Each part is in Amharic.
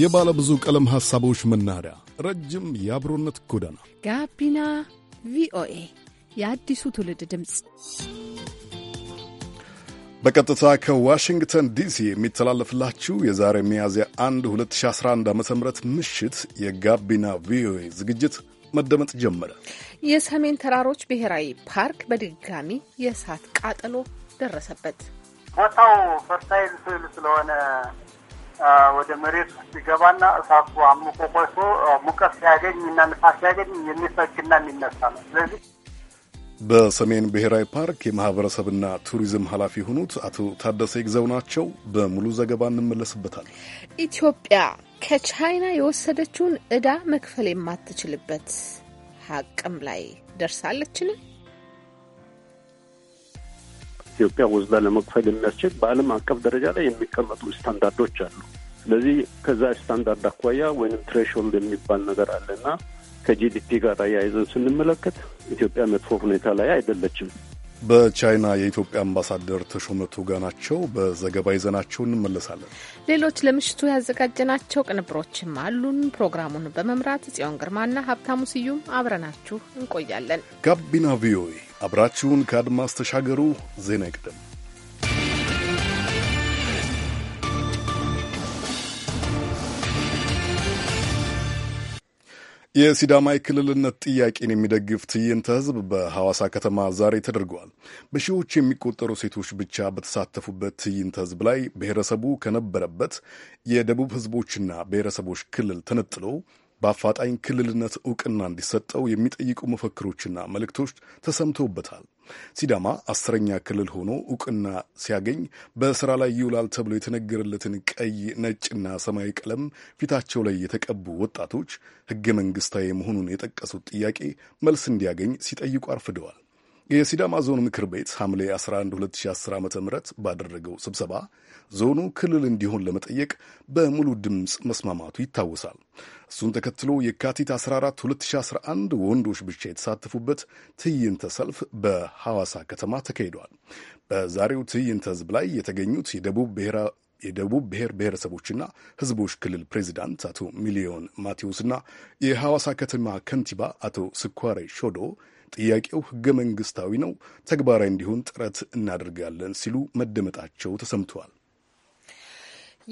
የባለ ብዙ ቀለም ሐሳቦች መናኸሪያ፣ ረጅም የአብሮነት ጎዳና፣ ጋቢና ቪኦኤ፣ የአዲሱ ትውልድ ድምፅ በቀጥታ ከዋሽንግተን ዲሲ የሚተላለፍላችሁ የዛሬ ሚያዝያ 1 2011 ዓ ም ምሽት የጋቢና ቪኦኤ ዝግጅት መደመጥ ጀመረ። የሰሜን ተራሮች ብሔራዊ ፓርክ በድጋሚ የእሳት ቃጠሎ ደረሰበት። ቦታው ፈርታይል ስል ስለሆነ ወደ መሬት ውስጥ ይገባና እሳቱ አምቆ ቆይቶ ሙቀት ሲያገኝ እና ንፋስ ሲያገኝ የሚፈግና የሚነሳ ነው። ስለዚህ በሰሜን ብሔራዊ ፓርክ የማህበረሰብና ቱሪዝም ኃላፊ የሆኑት አቶ ታደሰ ይግዘው ናቸው። በሙሉ ዘገባ እንመለስበታል። ኢትዮጵያ ከቻይና የወሰደችውን ዕዳ መክፈል የማትችልበት ሀቅም ላይ ደርሳለችን? ኢትዮጵያ ወስዳ ለመክፈል የሚያስችል በዓለም አቀፍ ደረጃ ላይ የሚቀመጡ ስታንዳርዶች አሉ። ስለዚህ ከዛ ስታንዳርድ አኳያ ወይም ትሬሽሆልድ የሚባል ነገር አለና ከጂዲፒ ጋር አያይዘን ስንመለከት ኢትዮጵያ መጥፎ ሁኔታ ላይ አይደለችም። በቻይና የኢትዮጵያ አምባሳደር ተሾመ ቶጋ ናቸው። በዘገባ ይዘናቸው እንመለሳለን። ሌሎች ለምሽቱ ያዘጋጀናቸው ቅንብሮችም አሉን። ፕሮግራሙን በመምራት ጽዮን ግርማና ሀብታሙ ስዩም አብረናችሁ እንቆያለን። ጋቢና ቪኦኤ አብራችሁን ከአድማስ ተሻገሩ። ዜና ይቅደም። የሲዳማ የክልልነት ጥያቄን የሚደግፍ ትዕይንተ ህዝብ በሐዋሳ ከተማ ዛሬ ተደርገዋል። በሺዎች የሚቆጠሩ ሴቶች ብቻ በተሳተፉበት ትዕይንተ ህዝብ ላይ ብሔረሰቡ ከነበረበት የደቡብ ህዝቦችና ብሔረሰቦች ክልል ተነጥሎ በአፋጣኝ ክልልነት እውቅና እንዲሰጠው የሚጠይቁ መፈክሮችና መልእክቶች ተሰምተውበታል። ሲዳማ አስረኛ ክልል ሆኖ እውቅና ሲያገኝ በስራ ላይ ይውላል ተብሎ የተነገረለትን ቀይ ነጭና ሰማያዊ ቀለም ፊታቸው ላይ የተቀቡ ወጣቶች ህገ መንግስታዊ መሆኑን የጠቀሱት ጥያቄ መልስ እንዲያገኝ ሲጠይቁ አርፍደዋል። የሲዳማ ዞን ምክር ቤት ሐምሌ 11 2010 ዓ ም ባደረገው ስብሰባ ዞኑ ክልል እንዲሆን ለመጠየቅ በሙሉ ድምፅ መስማማቱ ይታወሳል። እሱን ተከትሎ የካቲት 14 2011 ወንዶች ብቻ የተሳተፉበት ትዕይንተ ሰልፍ በሐዋሳ ከተማ ተካሂደዋል። በዛሬው ትዕይንተ ህዝብ ላይ የተገኙት የደቡብ ብሔራ የደቡብ ብሔር ብሔረሰቦችና ህዝቦች ክልል ፕሬዚዳንት አቶ ሚሊዮን ማቴዎስና የሐዋሳ ከተማ ከንቲባ አቶ ስኳሬ ሾዶ ጥያቄው ህገ መንግስታዊ ነው፣ ተግባራዊ እንዲሆን ጥረት እናደርጋለን ሲሉ መደመጣቸው ተሰምተዋል።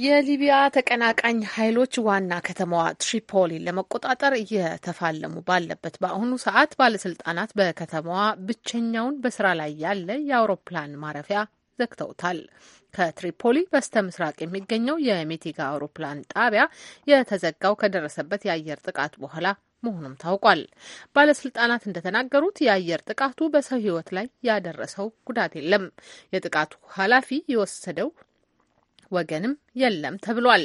የሊቢያ ተቀናቃኝ ኃይሎች ዋና ከተማዋ ትሪፖሊ ለመቆጣጠር እየተፋለሙ ባለበት በአሁኑ ሰዓት ባለስልጣናት በከተማዋ ብቸኛውን በስራ ላይ ያለ የአውሮፕላን ማረፊያ ዘግተውታል። ከትሪፖሊ በስተ ምስራቅ የሚገኘው የሜቲጋ አውሮፕላን ጣቢያ የተዘጋው ከደረሰበት የአየር ጥቃት በኋላ መሆኑም ታውቋል። ባለስልጣናት እንደተናገሩት የአየር ጥቃቱ በሰው ሕይወት ላይ ያደረሰው ጉዳት የለም። የጥቃቱ ኃላፊ የወሰደው ወገንም የለም ተብሏል።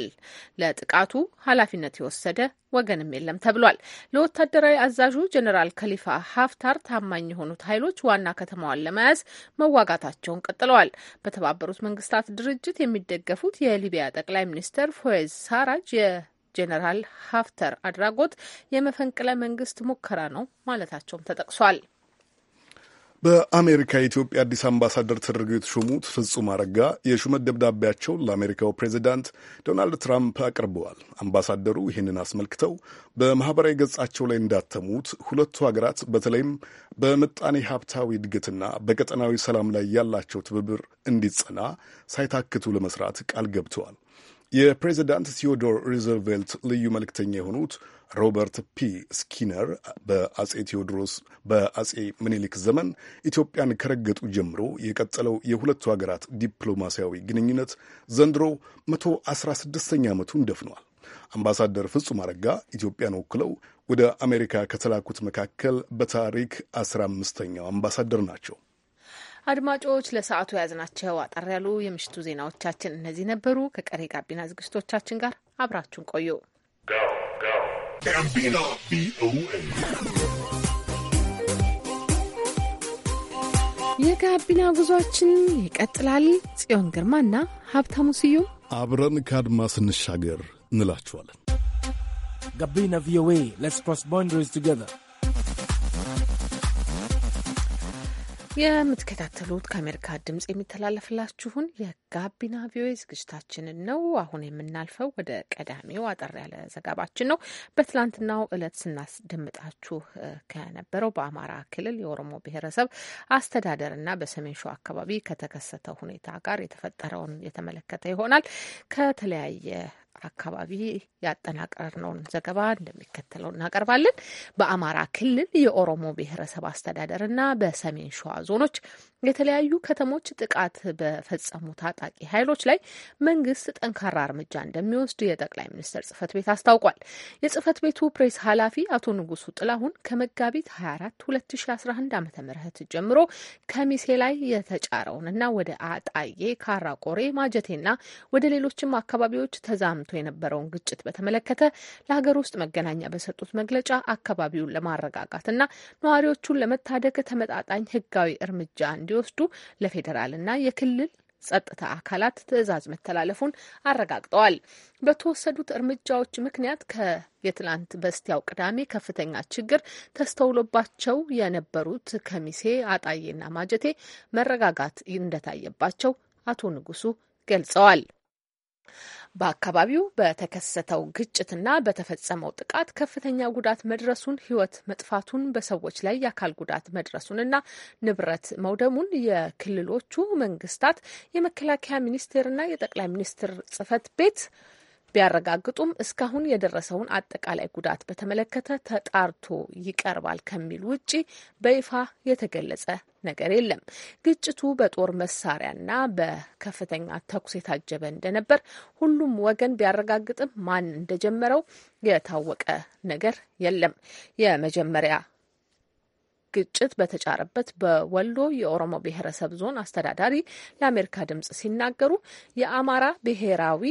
ለጥቃቱ ኃላፊነት የወሰደ ወገንም የለም ተብሏል። ለወታደራዊ አዛዡ ጀኔራል ከሊፋ ሀፍታር ታማኝ የሆኑት ኃይሎች ዋና ከተማዋን ለመያዝ መዋጋታቸውን ቀጥለዋል። በተባበሩት መንግስታት ድርጅት የሚደገፉት የሊቢያ ጠቅላይ ሚኒስትር ፎየዝ ሳራጅ ጄኔራል ሀፍተር አድራጎት የመፈንቅለ መንግስት ሙከራ ነው ማለታቸውም ተጠቅሷል። በአሜሪካ የኢትዮጵያ አዲስ አምባሳደር ተደርገው የተሾሙት ፍጹም አረጋ የሹመት ደብዳቤያቸውን ለአሜሪካው ፕሬዚዳንት ዶናልድ ትራምፕ አቅርበዋል። አምባሳደሩ ይህንን አስመልክተው በማኅበራዊ ገጻቸው ላይ እንዳተሙት ሁለቱ ሀገራት በተለይም በምጣኔ ሀብታዊ እድገትና በቀጠናዊ ሰላም ላይ ያላቸው ትብብር እንዲጸና ሳይታክቱ ለመስራት ቃል ገብተዋል። የፕሬዚዳንት ቴዎዶር ሩዝቬልት ልዩ መልእክተኛ የሆኑት ሮበርት ፒ ስኪነር በአጼ ቴዎድሮስ በአጼ ምኒልክ ዘመን ኢትዮጵያን ከረገጡ ጀምሮ የቀጠለው የሁለቱ ሀገራት ዲፕሎማሲያዊ ግንኙነት ዘንድሮ መቶ አስራ ስድስተኛ ዓመቱን ደፍኗል። አምባሳደር ፍጹም አረጋ ኢትዮጵያን ወክለው ወደ አሜሪካ ከተላኩት መካከል በታሪክ አስራ አምስተኛው አምባሳደር ናቸው። አድማጮች ለሰዓቱ የያዝናቸው አጠር ያሉ የምሽቱ ዜናዎቻችን እነዚህ ነበሩ። ከቀሪ ጋቢና ዝግጅቶቻችን ጋር አብራችሁን ቆዩ። የጋቢና ጉዟችን ይቀጥላል። ጽዮን ግርማና ሀብታሙ ስዩም አብረን ከአድማ ስንሻገር እንላችኋለን። ጋቢና ቪኦኤ ሌትስ ክሮስ ባውንደሪስ ቱጌዘር የምትከታተሉት ከአሜሪካ ድምጽ የሚተላለፍላችሁን የጋቢና ቪኦኤ ዝግጅታችንን ነው። አሁን የምናልፈው ወደ ቀዳሚው አጠር ያለ ዘገባችን ነው። በትላንትናው እለት ስናስደምጣችሁ ከነበረው በአማራ ክልል የኦሮሞ ብሔረሰብ አስተዳደርና በሰሜን ሸዋ አካባቢ ከተከሰተው ሁኔታ ጋር የተፈጠረውን የተመለከተ ይሆናል። ከተለያየ አካባቢ ያጠናቀርነውን ዘገባ እንደሚከተለው እናቀርባለን። በአማራ ክልል የኦሮሞ ብሔረሰብ አስተዳደር እና በሰሜን ሸዋ ዞኖች የተለያዩ ከተሞች ጥቃት በፈጸሙ ታጣቂ ኃይሎች ላይ መንግስት ጠንካራ እርምጃ እንደሚወስድ የጠቅላይ ሚኒስትር ጽህፈት ቤት አስታውቋል። የጽህፈት ቤቱ ፕሬስ ኃላፊ አቶ ንጉሱ ጥላሁን ከመጋቢት 24 2011 ዓ ም ጀምሮ ከሚሴ ላይ የተጫረውንና ወደ አጣዬ፣ ካራቆሬ፣ ማጀቴና ወደ ሌሎችም አካባቢዎች ተዛም ተሰምቶ የነበረውን ግጭት በተመለከተ ለሀገር ውስጥ መገናኛ በሰጡት መግለጫ አካባቢውን ለማረጋጋትና ነዋሪዎቹን ለመታደግ ተመጣጣኝ ሕጋዊ እርምጃ እንዲወስዱ ለፌዴራልና የክልል ጸጥታ አካላት ትዕዛዝ መተላለፉን አረጋግጠዋል። በተወሰዱት እርምጃዎች ምክንያት ከየትላንት በስቲያው ቅዳሜ ከፍተኛ ችግር ተስተውሎባቸው የነበሩት ከሚሴ፣ አጣዬና ማጀቴ መረጋጋት እንደታየባቸው አቶ ንጉሱ ገልጸዋል። በአካባቢው በተከሰተው ግጭትና በተፈጸመው ጥቃት ከፍተኛ ጉዳት መድረሱን፣ ሕይወት መጥፋቱን፣ በሰዎች ላይ የአካል ጉዳት መድረሱንና ንብረት መውደሙን የክልሎቹ መንግስታት የመከላከያ ሚኒስቴርና የጠቅላይ ሚኒስትር ጽህፈት ቤት ቢያረጋግጡም እስካሁን የደረሰውን አጠቃላይ ጉዳት በተመለከተ ተጣርቶ ይቀርባል ከሚል ውጪ በይፋ የተገለጸ ነገር የለም። ግጭቱ በጦር መሳሪያና በከፍተኛ ተኩስ የታጀበ እንደነበር ሁሉም ወገን ቢያረጋግጥም ማን እንደጀመረው የታወቀ ነገር የለም። የመጀመሪያ ግጭት በተጫረበት በወሎ የኦሮሞ ብሔረሰብ ዞን አስተዳዳሪ ለአሜሪካ ድምጽ ሲናገሩ የአማራ ብሔራዊ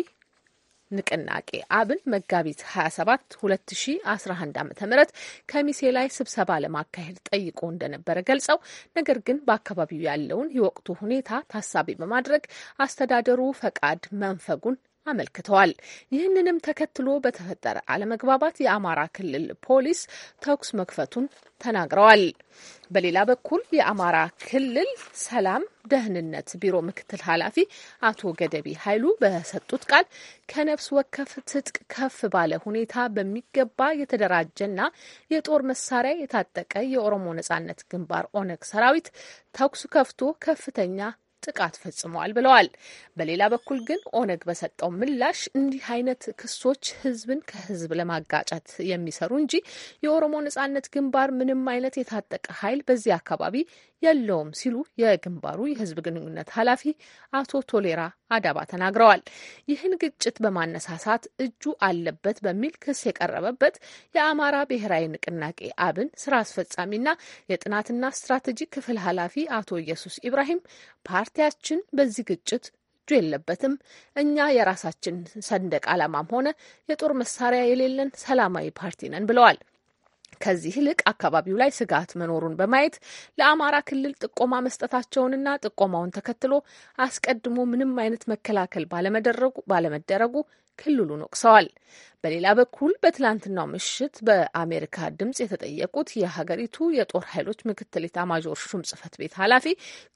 ንቅናቄ አብን መጋቢት 27 2011 ዓ ም ከሚሴ ላይ ስብሰባ ለማካሄድ ጠይቆ እንደነበረ ገልጸው ነገር ግን በአካባቢው ያለውን የወቅቱ ሁኔታ ታሳቢ በማድረግ አስተዳደሩ ፈቃድ መንፈጉን አመልክተዋል። ይህንንም ተከትሎ በተፈጠረ አለመግባባት የአማራ ክልል ፖሊስ ተኩስ መክፈቱን ተናግረዋል። በሌላ በኩል የአማራ ክልል ሰላም ደህንነት ቢሮ ምክትል ኃላፊ አቶ ገደቢ ኃይሉ በሰጡት ቃል ከነፍስ ወከፍ ትጥቅ ከፍ ባለ ሁኔታ በሚገባ የተደራጀና የጦር መሳሪያ የታጠቀ የኦሮሞ ነጻነት ግንባር ኦነግ ሰራዊት ተኩስ ከፍቶ ከፍተኛ ጥቃት ፈጽመዋል ብለዋል። በሌላ በኩል ግን ኦነግ በሰጠው ምላሽ እንዲህ አይነት ክሶች ህዝብን ከህዝብ ለማጋጨት የሚሰሩ እንጂ የኦሮሞ ነጻነት ግንባር ምንም አይነት የታጠቀ ኃይል በዚህ አካባቢ የለውም ሲሉ የግንባሩ የህዝብ ግንኙነት ኃላፊ አቶ ቶሌራ አዳባ ተናግረዋል። ይህን ግጭት በማነሳሳት እጁ አለበት በሚል ክስ የቀረበበት የአማራ ብሔራዊ ንቅናቄ አብን ስራ አስፈጻሚና የጥናትና ስትራቴጂ ክፍል ኃላፊ አቶ ኢየሱስ ኢብራሂም ፓርቲያችን በዚህ ግጭት እጁ የለበትም፣ እኛ የራሳችን ሰንደቅ ዓላማም ሆነ የጦር መሳሪያ የሌለን ሰላማዊ ፓርቲ ነን ብለዋል። ከዚህ ይልቅ አካባቢው ላይ ስጋት መኖሩን በማየት ለአማራ ክልል ጥቆማ መስጠታቸውንና ጥቆማውን ተከትሎ አስቀድሞ ምንም አይነት መከላከል ባለመደረጉ ክልሉን ወቅሰዋል። በሌላ በኩል በትላንትናው ምሽት በአሜሪካ ድምጽ የተጠየቁት የሀገሪቱ የጦር ኃይሎች ምክትል ኢታማዦር ሹም ጽህፈት ቤት ኃላፊ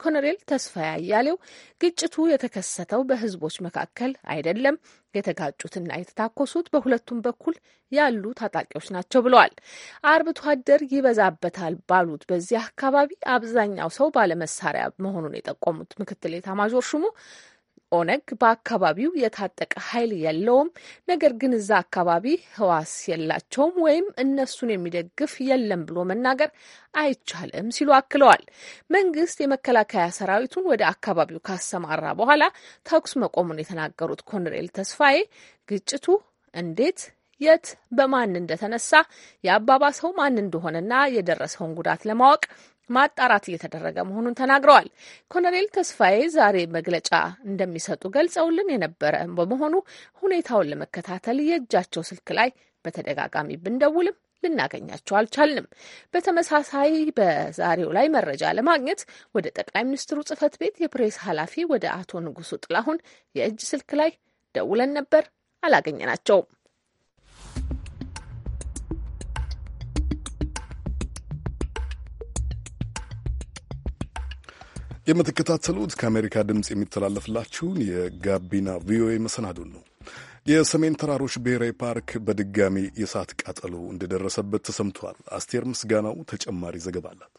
ኮሎኔል ተስፋዬ አያሌው ግጭቱ የተከሰተው በህዝቦች መካከል አይደለም፣ የተጋጩትና የተታኮሱት በሁለቱም በኩል ያሉ ታጣቂዎች ናቸው ብለዋል። አርብቶ አደር ይበዛበታል ባሉት በዚህ አካባቢ አብዛኛው ሰው ባለመሳሪያ መሆኑን የጠቆሙት ምክትል ኢታማዦር ሹሙ ኦነግ በአካባቢው የታጠቀ ኃይል የለውም፣ ነገር ግን እዛ አካባቢ ህዋስ የላቸውም ወይም እነሱን የሚደግፍ የለም ብሎ መናገር አይቻልም ሲሉ አክለዋል። መንግስት የመከላከያ ሰራዊቱን ወደ አካባቢው ካሰማራ በኋላ ተኩስ መቆሙን የተናገሩት ኮሎኔል ተስፋዬ ግጭቱ እንዴት የት በማን እንደተነሳ የአባባሰው ማን እንደሆነና የደረሰውን ጉዳት ለማወቅ ማጣራት እየተደረገ መሆኑን ተናግረዋል። ኮሎኔል ተስፋዬ ዛሬ መግለጫ እንደሚሰጡ ገልጸውልን የነበረ በመሆኑ ሁኔታውን ለመከታተል የእጃቸው ስልክ ላይ በተደጋጋሚ ብንደውልም ልናገኛቸው አልቻልንም። በተመሳሳይ በዛሬው ላይ መረጃ ለማግኘት ወደ ጠቅላይ ሚኒስትሩ ጽህፈት ቤት የፕሬስ ኃላፊ ወደ አቶ ንጉሱ ጥላሁን የእጅ ስልክ ላይ ደውለን ነበር፣ አላገኘናቸውም። የምትከታተሉት ከአሜሪካ ድምፅ የሚተላለፍላችሁን የጋቢና ቪኦኤ መሰናዶን ነው። የሰሜን ተራሮች ብሔራዊ ፓርክ በድጋሚ የእሳት ቃጠሎ እንደደረሰበት ተሰምቷል። አስቴር ምስጋናው ተጨማሪ ዘገባ አላት።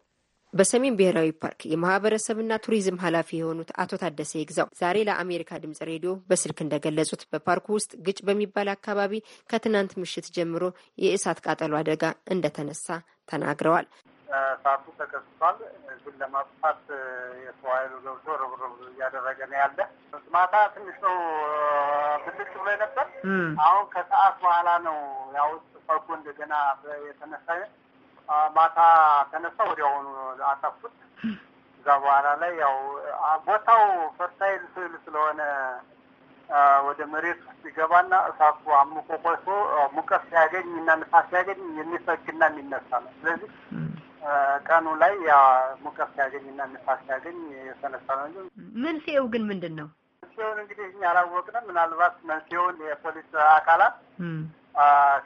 በሰሜን ብሔራዊ ፓርክ የማህበረሰብና ቱሪዝም ኃላፊ የሆኑት አቶ ታደሰ ይግዛው ዛሬ ለአሜሪካ ድምጽ ሬዲዮ በስልክ እንደገለጹት በፓርኩ ውስጥ ግጭ በሚባል አካባቢ ከትናንት ምሽት ጀምሮ የእሳት ቃጠሎ አደጋ እንደተነሳ ተናግረዋል። እሳቱ ተከስቷል። እሱን ለማጥፋት የሰው ኃይሉ ገብቶ ርብርብ እያደረገ ነው ያለ። ማታ ትንሽ ነው ብልጭ ብሎ ነበር። አሁን ከሰዓት በኋላ ነው ያው ፈጎ እንደገና የተነሳ ማታ ተነሳ፣ ወዲያውኑ አጠፉት። እዛ በኋላ ላይ ያው ቦታው ፈርታይል ስል ስለሆነ ወደ መሬት ውስጥ ይገባና እሳቱ አምቆ ቆሶ ሙቀት ሲያገኝ እና ንፋስ ሲያገኝ የሚፈግና የሚነሳ ነው። ስለዚህ ቀኑ ላይ ያ ሙቀት ሲያገኝ እና ንፋስ ሲያገኝ የተነሳ ነው። መንስኤው ግን ምንድን ነው? መንስኤውን እንግዲህ እኛ አላወቅንም። ምናልባት መንስኤውን የፖሊስ አካላት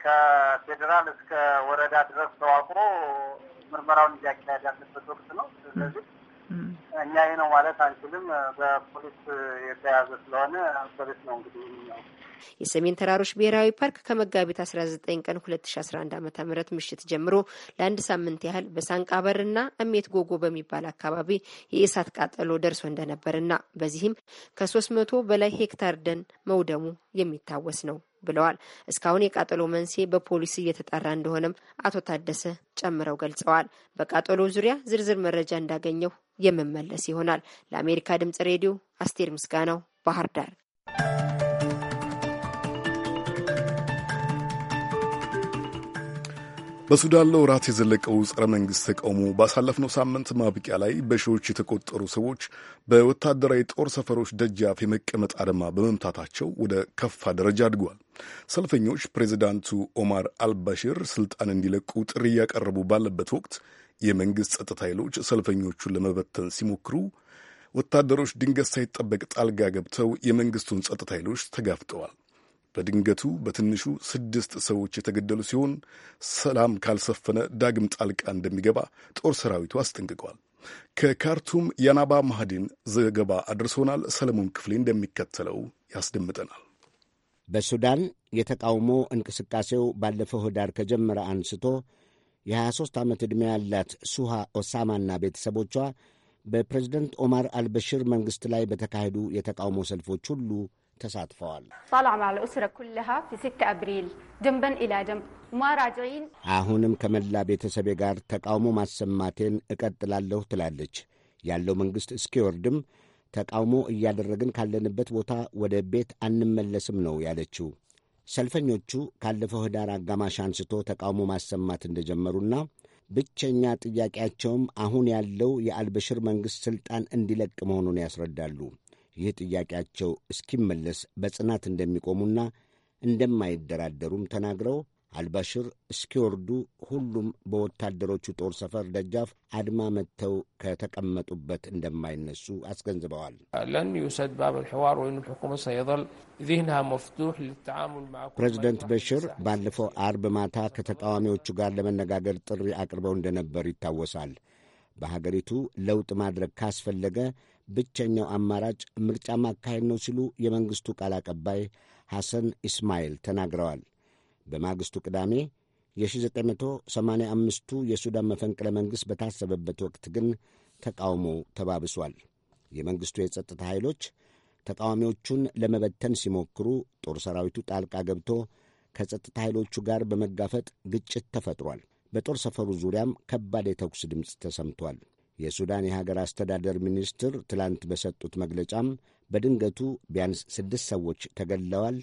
ከፌዴራል እስከ ወረዳ ድረስ ተዋቅሮ ምርመራውን እያካሄድ ያለበት ወቅት ነው። ስለዚህ እኛ ይህ ነው ማለት አንችልም። በፖሊስ የተያዘ ስለሆነ ፖሊስ ነው እንግዲህ የሰሜን ተራሮች ብሔራዊ ፓርክ ከመጋቢት ዘጠኝ ቀን አንድ አመተ ም ምሽት ጀምሮ ለአንድ ሳምንት ያህል በሳንቃበርና እሜት ጎጎ በሚባል አካባቢ የእሳት ቃጠሎ ደርሶ እንደነበርና በዚህም ከ መቶ በላይ ሄክታር ደን መውደሙ የሚታወስ ነው ብለዋል። እስካሁን የቃጠሎ መንስኤ በፖሊስ እየተጣራ እንደሆነም አቶ ታደሰ ጨምረው ገልጸዋል። በቃጠሎ ዙሪያ ዝርዝር መረጃ እንዳገኘው የምመለስ ይሆናል። ለአሜሪካ ድምጽ ሬዲዮ አስቴር ምስጋናው ባህር ዳር። በሱዳን ለወራት የዘለቀው ጸረ መንግሥት ተቃውሞ ባሳለፍነው ሳምንት ማብቂያ ላይ በሺዎች የተቆጠሩ ሰዎች በወታደራዊ ጦር ሰፈሮች ደጃፍ የመቀመጥ አድማ በመምታታቸው ወደ ከፋ ደረጃ አድጓል። ሰልፈኞች ፕሬዚዳንቱ ኦማር አልባሽር ስልጣን እንዲለቁ ጥሪ እያቀረቡ ባለበት ወቅት የመንግሥት ጸጥታ ኃይሎች ሰልፈኞቹን ለመበተን ሲሞክሩ ወታደሮች ድንገት ሳይጠበቅ ጣልጋ ገብተው የመንግሥቱን ጸጥታ ኃይሎች ተጋፍጠዋል። በድንገቱ በትንሹ ስድስት ሰዎች የተገደሉ ሲሆን ሰላም ካልሰፈነ ዳግም ጣልቃ እንደሚገባ ጦር ሰራዊቱ አስጠንቅቋል። ከካርቱም የናባ ማህዲን ዘገባ አድርሶናል። ሰለሞን ክፍሌ እንደሚከተለው ያስደምጠናል። በሱዳን የተቃውሞ እንቅስቃሴው ባለፈው ህዳር ከጀመረ አንስቶ የ23 ዓመት ዕድሜ ያላት ሱሃ ኦሳማና ቤተሰቦቿ በፕሬዝደንት ኦማር አልበሽር መንግሥት ላይ በተካሄዱ የተቃውሞ ሰልፎች ሁሉ ተሳትፈዋል። አሁንም ከመላ ቤተሰቤ ጋር ተቃውሞ ማሰማቴን እቀጥላለሁ ትላለች። ያለው መንግሥት እስኪወርድም ተቃውሞ እያደረግን ካለንበት ቦታ ወደ ቤት አንመለስም ነው ያለችው። ሰልፈኞቹ ካለፈው ህዳር አጋማሽ አንስቶ ተቃውሞ ማሰማት እንደጀመሩና ብቸኛ ጥያቄያቸውም አሁን ያለው የአልበሽር መንግሥት ሥልጣን እንዲለቅ መሆኑን ያስረዳሉ። ይህ ጥያቄያቸው እስኪመለስ በጽናት እንደሚቆሙና እንደማይደራደሩም ተናግረው አልባሽር እስኪወርዱ ሁሉም በወታደሮቹ ጦር ሰፈር ደጃፍ አድማ መጥተው ከተቀመጡበት እንደማይነሱ አስገንዝበዋል። ፕሬዚደንት በሽር ባለፈው አርብ ማታ ከተቃዋሚዎቹ ጋር ለመነጋገር ጥሪ አቅርበው እንደነበር ይታወሳል። በሀገሪቱ ለውጥ ማድረግ ካስፈለገ ብቸኛው አማራጭ ምርጫ ማካሄድ ነው ሲሉ የመንግስቱ ቃል አቀባይ ሐሰን ኢስማኤል ተናግረዋል። በማግስቱ ቅዳሜ የ1985ቱ የሱዳን መፈንቅለ መንግሥት በታሰበበት ወቅት ግን ተቃውሞው ተባብሷል። የመንግሥቱ የጸጥታ ኃይሎች ተቃዋሚዎቹን ለመበተን ሲሞክሩ ጦር ሰራዊቱ ጣልቃ ገብቶ ከጸጥታ ኃይሎቹ ጋር በመጋፈጥ ግጭት ተፈጥሯል። በጦር ሰፈሩ ዙሪያም ከባድ የተኩስ ድምፅ ተሰምቷል። የሱዳን የሀገር አስተዳደር ሚኒስትር ትላንት በሰጡት መግለጫም በድንገቱ ቢያንስ ስድስት ሰዎች ተገድለዋል፣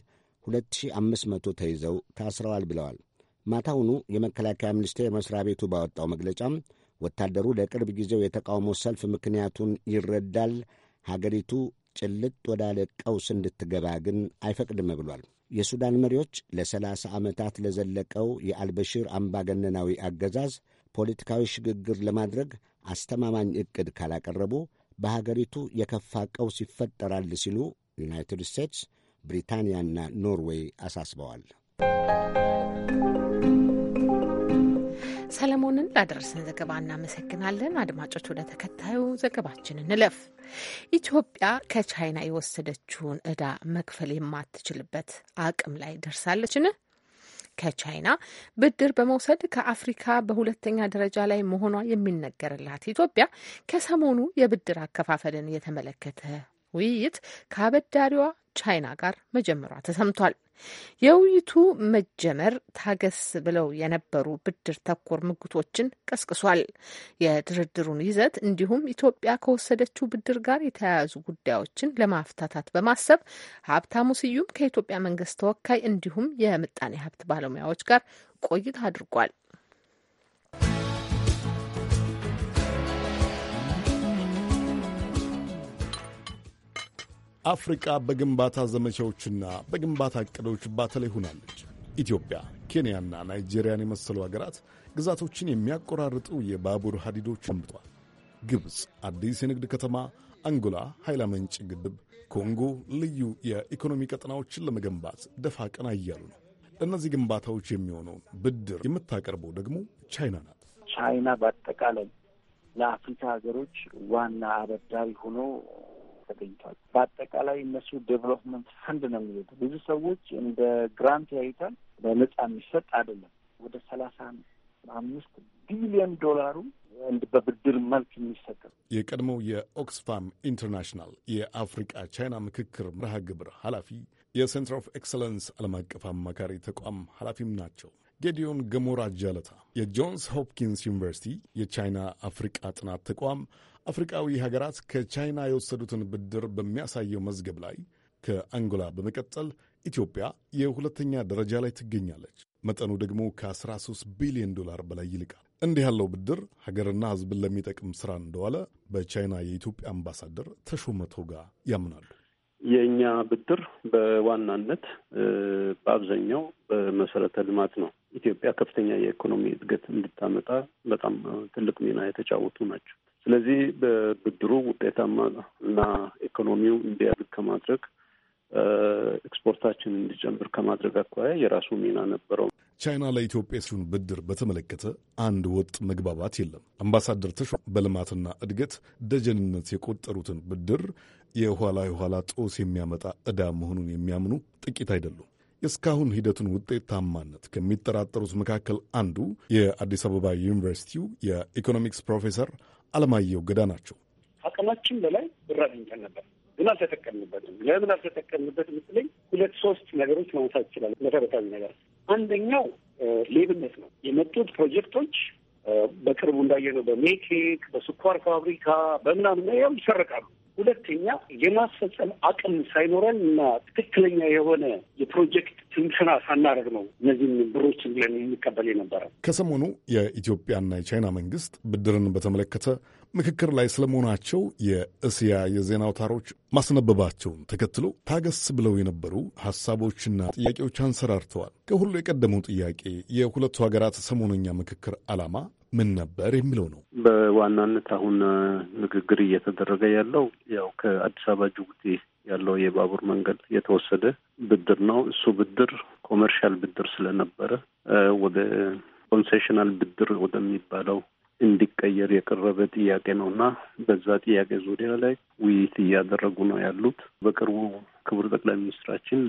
2500 ተይዘው ታስረዋል ብለዋል። ማታውኑ የመከላከያ ሚኒስቴር መስሪያ ቤቱ ባወጣው መግለጫም ወታደሩ ለቅርብ ጊዜው የተቃውሞ ሰልፍ ምክንያቱን ይረዳል፣ ሀገሪቱ ጭልጥ ወዳለ ቀውስ እንድትገባ ግን አይፈቅድም ብሏል። የሱዳን መሪዎች ለ30 ዓመታት ለዘለቀው የአልበሺር አምባገነናዊ አገዛዝ ፖለቲካዊ ሽግግር ለማድረግ አስተማማኝ ዕቅድ ካላቀረቡ በሀገሪቱ የከፋ ቀውስ ይፈጠራል ሲሉ ዩናይትድ ስቴትስ ብሪታንያና ኖርዌይ አሳስበዋል። ሰለሞንን ላደረሰን ዘገባ እናመሰግናለን። አድማጮች፣ ወደ ተከታዩ ዘገባችን እንለፍ። ኢትዮጵያ ከቻይና የወሰደችውን እዳ መክፈል የማትችልበት አቅም ላይ ደርሳለችን? ከቻይና ብድር በመውሰድ ከአፍሪካ በሁለተኛ ደረጃ ላይ መሆኗ የሚነገርላት ኢትዮጵያ ከሰሞኑ የብድር አከፋፈልን የተመለከተ ውይይት ከአበዳሪዋ ቻይና ጋር መጀመሯ ተሰምቷል። የውይይቱ መጀመር ታገስ ብለው የነበሩ ብድር ተኮር ምግቶችን ቀስቅሷል። የድርድሩን ይዘት እንዲሁም ኢትዮጵያ ከወሰደችው ብድር ጋር የተያያዙ ጉዳዮችን ለማፍታታት በማሰብ ሀብታሙ ስዩም ከኢትዮጵያ መንግስት ተወካይ እንዲሁም የምጣኔ ሀብት ባለሙያዎች ጋር ቆይታ አድርጓል። አፍሪቃ በግንባታ ዘመቻዎችና በግንባታ እቅዶች ባተላይ ሆናለች። ኢትዮጵያ፣ ኬንያና ናይጄሪያን የመሰሉ ሀገራት ግዛቶችን የሚያቆራርጡ የባቡር ሀዲዶች አምጥቷል። ግብፅ አዲስ የንግድ ከተማ፣ አንጎላ ኃይላ መንጭ ግድብ፣ ኮንጎ ልዩ የኢኮኖሚ ቀጠናዎችን ለመገንባት ደፋ ቀና እያሉ ነው። ለእነዚህ ግንባታዎች የሚሆነውን ብድር የምታቀርበው ደግሞ ቻይና ናት። ቻይና በአጠቃላይ ለአፍሪካ ሀገሮች ዋና አበዳሪ ሆኖ ተገኝቷል። በአጠቃላይ እነሱ ዴቨሎፕመንት ፈንድ ነው የሚሄዱ። ብዙ ሰዎች እንደ ግራንት ያዩታል። በነጻ የሚሰጥ አይደለም። ወደ ሰላሳ አምስት ቢሊዮን ዶላሩ በብድር መልክ የሚሰጥ የቀድሞው የኦክስፋም ኢንተርናሽናል የአፍሪቃ ቻይና ምክክር መርሃ ግብር ኃላፊ የሴንትር ኦፍ ኤክሰለንስ ዓለም አቀፍ አማካሪ ተቋም ኃላፊም ናቸው። ጌዲዮን ገሞራ ጃለታ የጆንስ ሆፕኪንስ ዩኒቨርሲቲ የቻይና አፍሪቃ ጥናት ተቋም አፍሪቃዊ ሀገራት ከቻይና የወሰዱትን ብድር በሚያሳየው መዝገብ ላይ ከአንጎላ በመቀጠል ኢትዮጵያ የሁለተኛ ደረጃ ላይ ትገኛለች። መጠኑ ደግሞ ከ13 ቢሊዮን ዶላር በላይ ይልቃል። እንዲህ ያለው ብድር ሀገርና ሕዝብን ለሚጠቅም ስራ እንደዋለ በቻይና የኢትዮጵያ አምባሳደር ተሾመ ቶጋ ያምናሉ። የእኛ ብድር በዋናነት በአብዛኛው በመሰረተ ልማት ነው። ኢትዮጵያ ከፍተኛ የኢኮኖሚ እድገት እንድታመጣ በጣም ትልቅ ሚና የተጫወቱ ናቸው። ስለዚህ በብድሩ ውጤታማ እና ኢኮኖሚው እንዲያድግ ከማድረግ ኤክስፖርታችን እንዲጨምር ከማድረግ አኳያ የራሱ ሚና ነበረው። ቻይና ለኢትዮጵያ ሲሆን ብድር በተመለከተ አንድ ወጥ መግባባት የለም። አምባሳደር ተሾ በልማትና እድገት ደጀንነት የቆጠሩትን ብድር የኋላ የኋላ ጦስ የሚያመጣ ዕዳ መሆኑን የሚያምኑ ጥቂት አይደሉም። እስካሁን ሂደቱን ውጤታማነት ከሚጠራጠሩት መካከል አንዱ የአዲስ አበባ ዩኒቨርሲቲው የኢኮኖሚክስ ፕሮፌሰር አለማየሁ ገዳ ናቸው። አቅማችን በላይ ብር አግኝተን ነበር፣ ግን አልተጠቀምንበትም። ለምን አልተጠቀምንበት ምስለኝ ሁለት ሶስት ነገሮች ማንሳት ይችላል። መሰረታዊ ነገር አንደኛው ሌብነት ነው። የመጡት ፕሮጀክቶች በቅርቡ እንዳየነው በሜቴክ በስኳር ፋብሪካ በምናምን ያው ይሰረቃሉ። ሁለተኛ የማስፈጸም አቅም ሳይኖረን እና ትክክለኛ የሆነ የፕሮጀክት ትንተና ሳናደርግ ነው እነዚህም ብሮችን ብለን የሚቀበል የነበረ። ከሰሞኑ የኢትዮጵያና የቻይና መንግስት ብድርን በተመለከተ ምክክር ላይ ስለመሆናቸው የእስያ የዜና አውታሮች ማስነበባቸውን ተከትሎ ታገስ ብለው የነበሩ ሀሳቦችና ጥያቄዎች አንሰራርተዋል። ከሁሉ የቀደመው ጥያቄ የሁለቱ ሀገራት ሰሞነኛ ምክክር ዓላማ ምን ነበር የሚለው ነው። በዋናነት አሁን ንግግር እየተደረገ ያለው ያው ከአዲስ አበባ ጅቡቲ ያለው የባቡር መንገድ የተወሰደ ብድር ነው። እሱ ብድር ኮመርሻል ብድር ስለነበረ ወደ ኮንሴሽናል ብድር ወደሚባለው እንዲቀየር የቀረበ ጥያቄ ነው እና በዛ ጥያቄ ዙሪያ ላይ ውይይት እያደረጉ ነው ያሉት። በቅርቡ ክቡር ጠቅላይ ሚኒስትራችን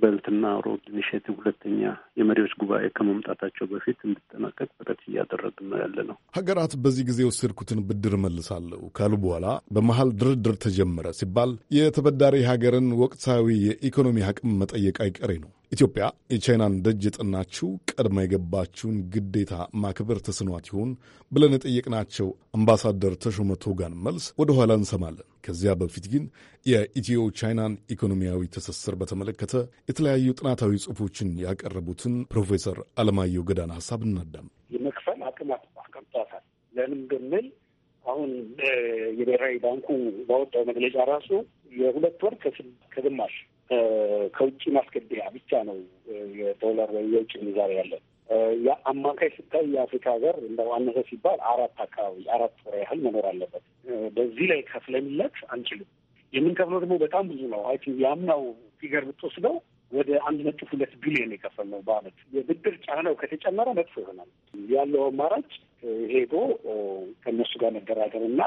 በልትና ሮድ ኢኒሽቲቭ ሁለተኛ የመሪዎች ጉባኤ ከመምጣታቸው በፊት እንዲጠናቀቅ ጥረት እያደረግ ነው ያለ ነው። ሀገራት በዚህ ጊዜ የወሰድኩትን ብድር መልሳለሁ ካሉ በኋላ በመሀል ድርድር ተጀመረ ሲባል የተበዳሪ ሀገርን ወቅታዊ የኢኮኖሚ አቅም መጠየቅ አይቀሬ ነው። ኢትዮጵያ የቻይናን ደጅ የጠናችው ቀድማ የገባችውን ግዴታ ማክበር ተስኗት ይሆን ብለን የጠየቅናቸው አምባሳደር ተሾመ ቶጋን መልስ ወደ ኋላ እንሰማለን። ከዚያ በፊት ግን የኢትዮ ቻይናን ኢኮኖሚያዊ ትስስር በተመለከተ የተለያዩ ጥናታዊ ጽሑፎችን ያቀረቡትን ፕሮፌሰር አለማየሁ ገዳን ሀሳብ እናዳም። የመክፈል አቅም አቅምቷታል። ለምን ብንል አሁን የብሔራዊ ባንኩ ባወጣው መግለጫ ራሱ የሁለት ወር ከግማሽ ከውጭ ማስገቢያ ብቻ ነው የዶላር ወይም የውጭ ምንዛሪ ያለን። አማካይ ስታይ የአፍሪካ ሀገር እንደው አነሰ ሲባል አራት አካባቢ አራት ወር ያህል መኖር አለበት። በዚህ ላይ ከፍለሚለት አንችልም። የምንከፍለው ደግሞ በጣም ብዙ ነው። አይ ቲንክ የአምናው ፊገር ብትወስደው ወደ አንድ ነጥብ ሁለት ቢሊዮን ነው በአመት። የብድር ጫናው ከተጨመረ መጥፎ ይሆናል። ያለው አማራጭ ሄዶ ከእነሱ ጋር መደራደር እና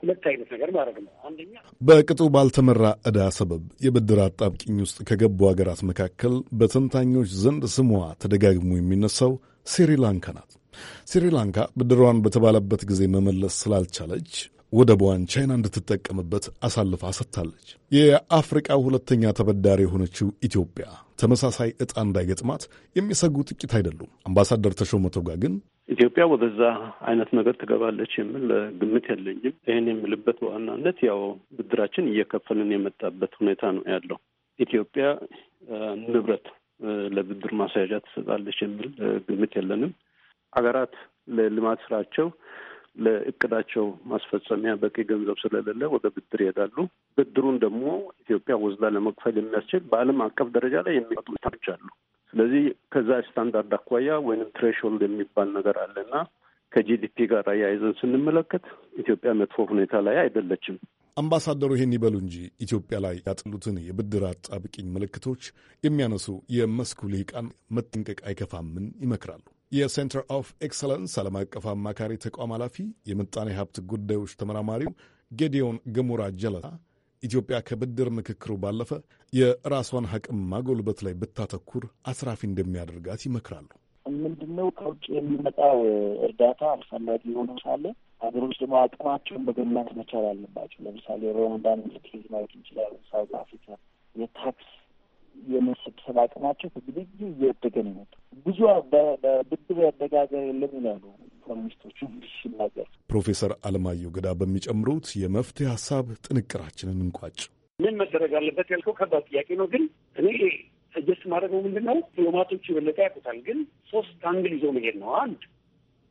ሁለት አይነት ነገር ማድረግ ነው። አንደኛ በቅጡ ባልተመራ ዕዳ ሰበብ የብድር አጣብቂኝ ውስጥ ከገቡ ሀገራት መካከል በተንታኞች ዘንድ ስሟ ተደጋግሞ የሚነሳው ስሪላንካ ናት። ስሪላንካ ብድሯን በተባለበት ጊዜ መመለስ ስላልቻለች ወደቧን ቻይና እንድትጠቀምበት አሳልፋ ሰጥታለች። የአፍሪቃ ሁለተኛ ተበዳሪ የሆነችው ኢትዮጵያ ተመሳሳይ ዕጣ እንዳይገጥማት የሚሰጉ ጥቂት አይደሉም። አምባሳደር ተሾመ ቶጋ ግን ኢትዮጵያ ወደዛ አይነት ነገር ትገባለች የሚል ግምት የለኝም። ይህን የሚልበት በዋናነት ያው ብድራችን እየከፈልን የመጣበት ሁኔታ ነው ያለው። ኢትዮጵያ ንብረት ለብድር ማስያዣ ትሰጣለች የሚል ግምት የለንም። ሀገራት ለልማት ስራቸው ለእቅዳቸው ማስፈጸሚያ በቂ ገንዘብ ስለሌለ ወደ ብድር ይሄዳሉ። ብድሩን ደግሞ ኢትዮጵያ ወስዳ ለመክፈል የሚያስችል በዓለም አቀፍ ደረጃ ላይ የሚወጡ ታች አሉ። ስለዚህ ከዛ ስታንዳርድ አኳያ ወይም ትሬሽሆልድ የሚባል ነገር አለና ከጂዲፒ ጋር አያይዘን ስንመለከት ኢትዮጵያ መጥፎ ሁኔታ ላይ አይደለችም። አምባሳደሩ ይህን ይበሉ እንጂ ኢትዮጵያ ላይ ያጥሉትን የብድር አጣብቂኝ ምልክቶች የሚያነሱ የመስኩ ልሂቃን መጠንቀቅ አይከፋምን ይመክራሉ። የሴንተር ኦፍ ኤክሰለንስ ዓለም አቀፍ አማካሪ ተቋም ኃላፊ የምጣኔ ሀብት ጉዳዮች ተመራማሪው ጌዲዮን ገሞራ ጀለታ ኢትዮጵያ ከብድር ምክክሩ ባለፈ የራሷን አቅም ማጎልበት ላይ ብታተኩር አስራፊ እንደሚያደርጋት ይመክራሉ። ምንድነው ከውጭ የሚመጣው እርዳታ አስፈላጊ ሆኖ ሳለ ሀገሮች ደግሞ አቅማቸውን በገናት መቻል አለባቸው። ለምሳሌ ሩዋንዳን ኬዝ ማየት እንችላለን። ሳውት አፍሪካ የታክስ የመሰብሰብ አቅማቸው ከጊዜ ጊዜ እያደገ ነው የመጣው ብዙ በብድር ያደጋገር የለም ይላሉ ኢኮኖሚስቶቹ ሲናገር። ፕሮፌሰር አለማየሁ ገዳ በሚጨምሩት የመፍትሄ ሀሳብ ጥንቅራችንን እንቋጭ። ምን መደረግ አለበት ያልከው ከባድ ጥያቄ ነው። ግን እኔ እጀስ ማድረገው ምንድን ነው ዲፕሎማቶች የበለጠ ያውቁታል። ግን ሶስት አንግል ይዞ መሄድ ነው። አንድ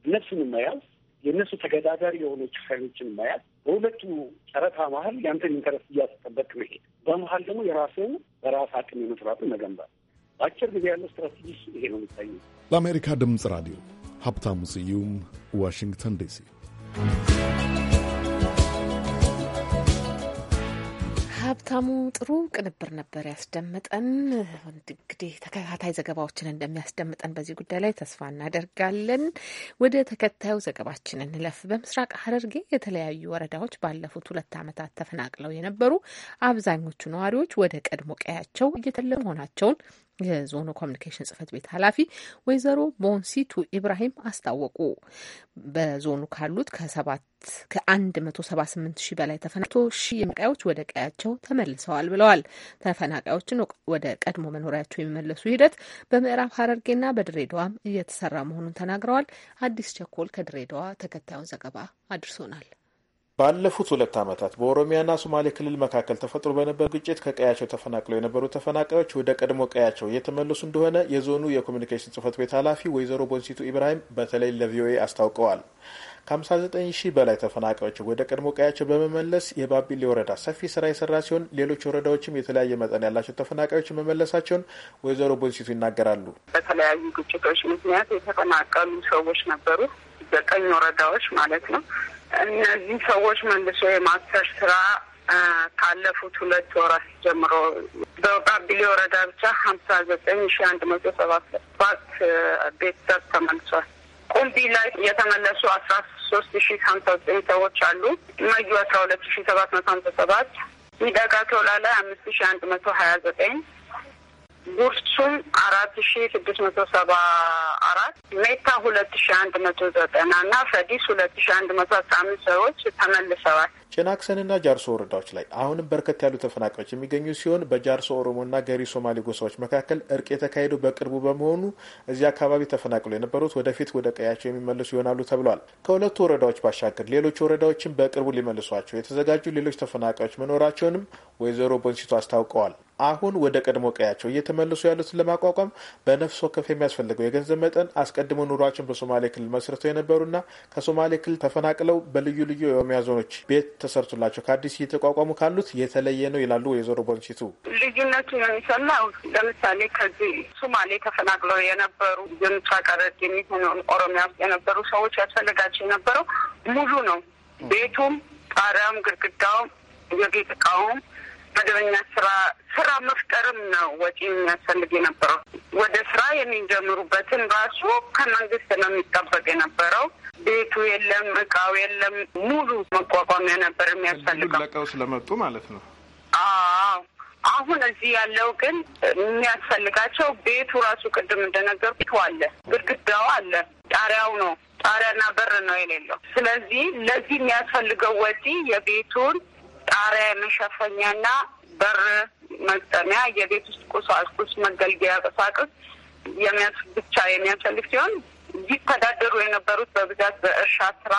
እነሱን መያዝ የእነሱ ተገዳዳሪ የሆነች ሀይሎችን መያዝ፣ በሁለቱ ጨረታ መሀል የአንተን ኢንተረስት እያስጠበቅ መሄድ፣ በመሀል ደግሞ የራስን በራስ አቅም የመስራትን መገንባት በአጭር ጊዜ ያለው ስትራቴጂ ይሄ ነው የሚታየው። ለአሜሪካ ድምፅ ራዲዮ ሀብታሙ ስዩም ዋሽንግተን ዲሲ። ሀብታሙ ጥሩ ቅንብር ነበር ያስደምጠን እንግዲህ ተከታታይ ዘገባዎችን እንደሚያስደምጠን በዚህ ጉዳይ ላይ ተስፋ እናደርጋለን። ወደ ተከታዩ ዘገባችን እንለፍ። በምስራቅ ሐረርጌ የተለያዩ ወረዳዎች ባለፉት ሁለት ዓመታት ተፈናቅለው የነበሩ አብዛኞቹ ነዋሪዎች ወደ ቀድሞ ቀያቸው እየተመለሱ መሆናቸውን የዞኑ ኮሚኒኬሽን ጽህፈት ቤት ኃላፊ ወይዘሮ ቦንሲቱ ኢብራሂም አስታወቁ። በዞኑ ካሉት ከሰባት ከአንድ መቶ ሰባ ስምንት ሺህ በላይ ተፈናቶ ሺህ ተፈናቃዮች ወደ ቀያቸው ተመልሰዋል ብለዋል። ተፈናቃዮችን ወደ ቀድሞ መኖሪያቸው የሚመለሱ ሂደት በምዕራብ ሀረርጌና በድሬዳዋም እየተሰራ መሆኑን ተናግረዋል። አዲስ ቸኮል ከድሬዳዋ ተከታዩን ዘገባ አድርሶናል። ባለፉት ሁለት ዓመታት በኦሮሚያና ሶማሌ ክልል መካከል ተፈጥሮ በነበር ግጭት ከቀያቸው ተፈናቅለው የነበሩ ተፈናቃዮች ወደ ቀድሞ ቀያቸው እየተመለሱ እንደሆነ የዞኑ የኮሚኒኬሽን ጽህፈት ቤት ኃላፊ ወይዘሮ ቦንሲቱ ኢብራሂም በተለይ ለቪኦኤ አስታውቀዋል። ከ59 ሺህ በላይ ተፈናቃዮች ወደ ቀድሞ ቀያቸው በመመለስ የባቢሌ ወረዳ ሰፊ ስራ የሰራ ሲሆን ሌሎች ወረዳዎችም የተለያየ መጠን ያላቸው ተፈናቃዮች መመለሳቸውን ወይዘሮ ቦንሲቱ ይናገራሉ። በተለያዩ ግጭቶች ምክንያት የተፈናቀሉ ሰዎች ነበሩ፣ ዘጠኝ ወረዳዎች ማለት ነው እነዚህ ሰዎች መልሶ የማሰር ስራ ካለፉት ሁለት ወራት ጀምሮ በባቢሌ ወረዳ ብቻ ሀምሳ ዘጠኝ ሺ አንድ መቶ ሰባ ሰባት ቤተሰብ ተመልሷል። ቁምቢ ላይ የተመለሱ አስራ ሶስት ሺ ሀምሳ ዘጠኝ ሰዎች አሉ። መዩ አስራ ሁለት ሺ ሰባት መቶ ሀምሳ ሰባት ሚደጋ ቶላ ላይ አምስት ሺ አንድ መቶ ሀያ ዘጠኝ ጉርሱም አራት ሺ ስድስት መቶ ሰባ አራት ሜታ ሁለት ሺ አንድ መቶ ዘጠና እና ፈዲስ ሁለት ሺ አንድ መቶ አስራ አምስት ሰዎች ተመልሰዋል። ጭናክሰንና ጃርሶ ወረዳዎች ላይ አሁንም በርከት ያሉ ተፈናቃዮች የሚገኙ ሲሆን በጃርሶ ኦሮሞና ገሪ ሶማሌ ጎሳዎች መካከል እርቅ የተካሄደው በቅርቡ በመሆኑ እዚህ አካባቢ ተፈናቅለው የነበሩት ወደፊት ወደ ቀያቸው የሚመልሱ ይሆናሉ ተብሏል። ከሁለቱ ወረዳዎች ባሻገር ሌሎች ወረዳዎችን በቅርቡ ሊመልሷቸው የተዘጋጁ ሌሎች ተፈናቃዮች መኖራቸውንም ወይዘሮ በንሲቶ አስታውቀዋል። አሁን ወደ ቀድሞ ቀያቸው እየተመለሱ ያሉትን ለማቋቋም በነፍስ ወከፍ የሚያስፈልገው የገንዘብ መጠን አስቀድሞ ኑሯቸውን በሶማሌ ክልል መስርተው የነበሩና ከሶማሌ ክልል ተፈናቅለው በልዩ ልዩ የኦሮሚያ ዞኖች ቤት ተሰርቶላቸው ከአዲስ እየተቋቋሙ ካሉት የተለየ ነው ይላሉ ወይዘሮ ቦንሲቱ። ልዩነቱ የሚሰማው ለምሳሌ ከዚህ ሱማሌ ተፈናቅለው የነበሩ ዘንቻ ቀረድ የሚሆነውን ኦሮሚያ ውስጥ የነበሩ ሰዎች ያስፈልጋቸው የነበረው ሙሉ ነው። ቤቱም ጣሪያውም፣ ግድግዳውም፣ የቤት እቃውም መደበኛ ስራ ስራ መፍጠርም ነው ወጪ የሚያስፈልግ የነበረው። ወደ ስራ የሚጀምሩበትን ራሱ ከመንግስት ነው የሚጠበቅ የነበረው። ቤቱ የለም፣ እቃው የለም። ሙሉ መቋቋሚያ ነበር የሚያስፈልገው። ለቀው ስለመጡ ማለት ነው። አዎ አሁን እዚህ ያለው ግን የሚያስፈልጋቸው ቤቱ ራሱ ቅድም እንደነገርኩት አለ፣ ግድግዳው አለ፣ ጣሪያው ነው ጣሪያና በር ነው የሌለው። ስለዚህ ለዚህ የሚያስፈልገው ወጪ የቤቱን ጣሪያ መሸፈኛና በር መጠሚያ የቤት ውስጥ ቁሳቁስ መገልገያ ቁሳቁስ ብቻ የሚያስፈልግ ሲሆን ይተዳደሩ የነበሩት በብዛት በእርሻ ስራ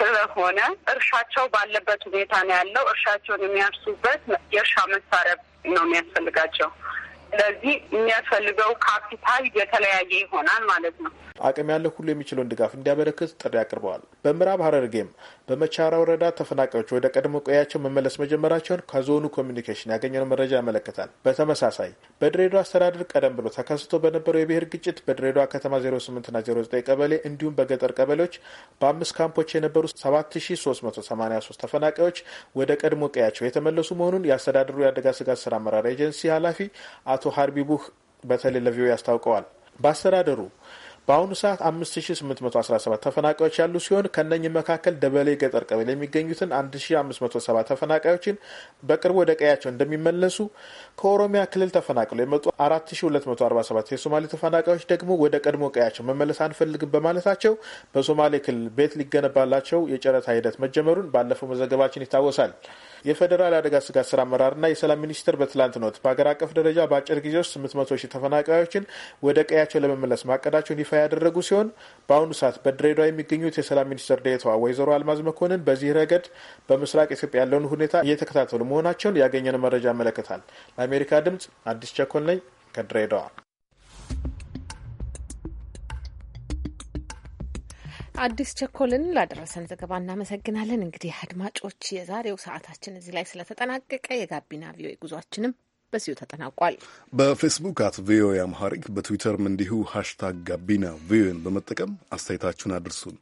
ስለሆነ እርሻቸው ባለበት ሁኔታ ነው ያለው። እርሻቸውን የሚያርሱበት የእርሻ መሳሪያ ነው የሚያስፈልጋቸው። ስለዚህ የሚያስፈልገው ካፒታል የተለያየ ይሆናል ማለት ነው። አቅም ያለው ሁሉ የሚችለውን ድጋፍ እንዲያበረክት ጥሪ አቅርበዋል። በምዕራብ ሀረርጌም በመቻራ ወረዳ ተፈናቃዮች ወደ ቀድሞ ቀያቸው መመለስ መጀመራቸውን ከዞኑ ኮሚኒኬሽን ያገኘነው መረጃ ያመለክታል። በተመሳሳይ በድሬዳዋ አስተዳደር ቀደም ብሎ ተከስቶ በነበረው የብሔር ግጭት በድሬዳዋ ከተማ 08ና 09 ቀበሌ እንዲሁም በገጠር ቀበሌዎች በአምስት ካምፖች የነበሩ 7383 ተፈናቃዮች ወደ ቀድሞ ቀያቸው የተመለሱ መሆኑን የአስተዳደሩ የአደጋ ስጋት ስራ አመራር ኤጀንሲ ኃላፊ አቶ ሀርቢ ቡህ በተለይ ለቪኦኤ ያስታውቀዋል። በአስተዳደሩ በአሁኑ ሰዓት 5817 ተፈናቃዮች ያሉ ሲሆን ከነኝም መካከል ደበሌ ገጠር ቀበሌ የሚገኙትን 1570 ተፈናቃዮችን በቅርቡ ወደ ቀያቸው እንደሚመለሱ፣ ከኦሮሚያ ክልል ተፈናቅለው የመጡ 4247 የሶማሌ ተፈናቃዮች ደግሞ ወደ ቀድሞ ቀያቸው መመለስ አንፈልግም በማለታቸው በሶማሌ ክልል ቤት ሊገነባላቸው የጨረታ ሂደት መጀመሩን ባለፈው መዘገባችን ይታወሳል። የፌዴራል አደጋ ስጋት ስራ አመራርና የሰላም ሚኒስቴር በትላንት ዕለት በሀገር አቀፍ ደረጃ በአጭር ጊዜ ውስጥ 800 ሺህ ተፈናቃዮችን ወደ ቀያቸው ለመመለስ ማቀዳቸውን ይፋ ያደረጉ ሲሆን በአሁኑ ሰዓት በድሬዳዋ የሚገኙት የሰላም ሚኒስትር ዴኤታዋ ወይዘሮ አልማዝ መኮንን በዚህ ረገድ በምስራቅ ኢትዮጵያ ያለውን ሁኔታ እየተከታተሉ መሆናቸውን ያገኘነው መረጃ ያመለክታል። ለአሜሪካ ድምጽ አዲስ ቸኮል ነኝ ከድሬዳዋ። አዲስ ቸኮልን ላደረሰን ዘገባ እናመሰግናለን። እንግዲህ አድማጮች፣ የዛሬው ሰዓታችን እዚህ ላይ ስለተጠናቀቀ የጋቢና ቪኦኤ ጉዟችንም በዚሁ ተጠናቋል። በፌስቡክ አት ቪኦኤ አምሃሪክ በትዊተርም እንዲሁ ሃሽታግ ጋቢና ቪኦኤን በመጠቀም አስተያየታችሁን አድርሱን።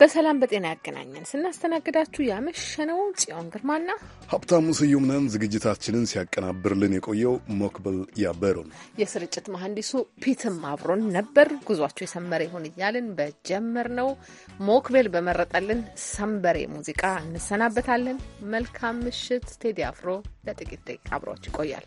በሰላም በጤና ያገናኘን። ስናስተናግዳችሁ ያመሸነው ጽዮን ግርማና ሀብታሙ ስዩም ነን። ዝግጅታችንን ሲያቀናብርልን የቆየው ሞክብል ያበሩ ነው። የስርጭት መሐንዲሱ ፒትም አብሮን ነበር። ጉዟቸው የሰመረ ይሁን እያልን በጀመር ነው ሞክቤል በመረጠልን ሰንበሬ ሙዚቃ እንሰናበታለን። መልካም ምሽት። ቴዲ አፍሮ ለጥቂት ደቂቃ አብሯችሁ ይቆያል።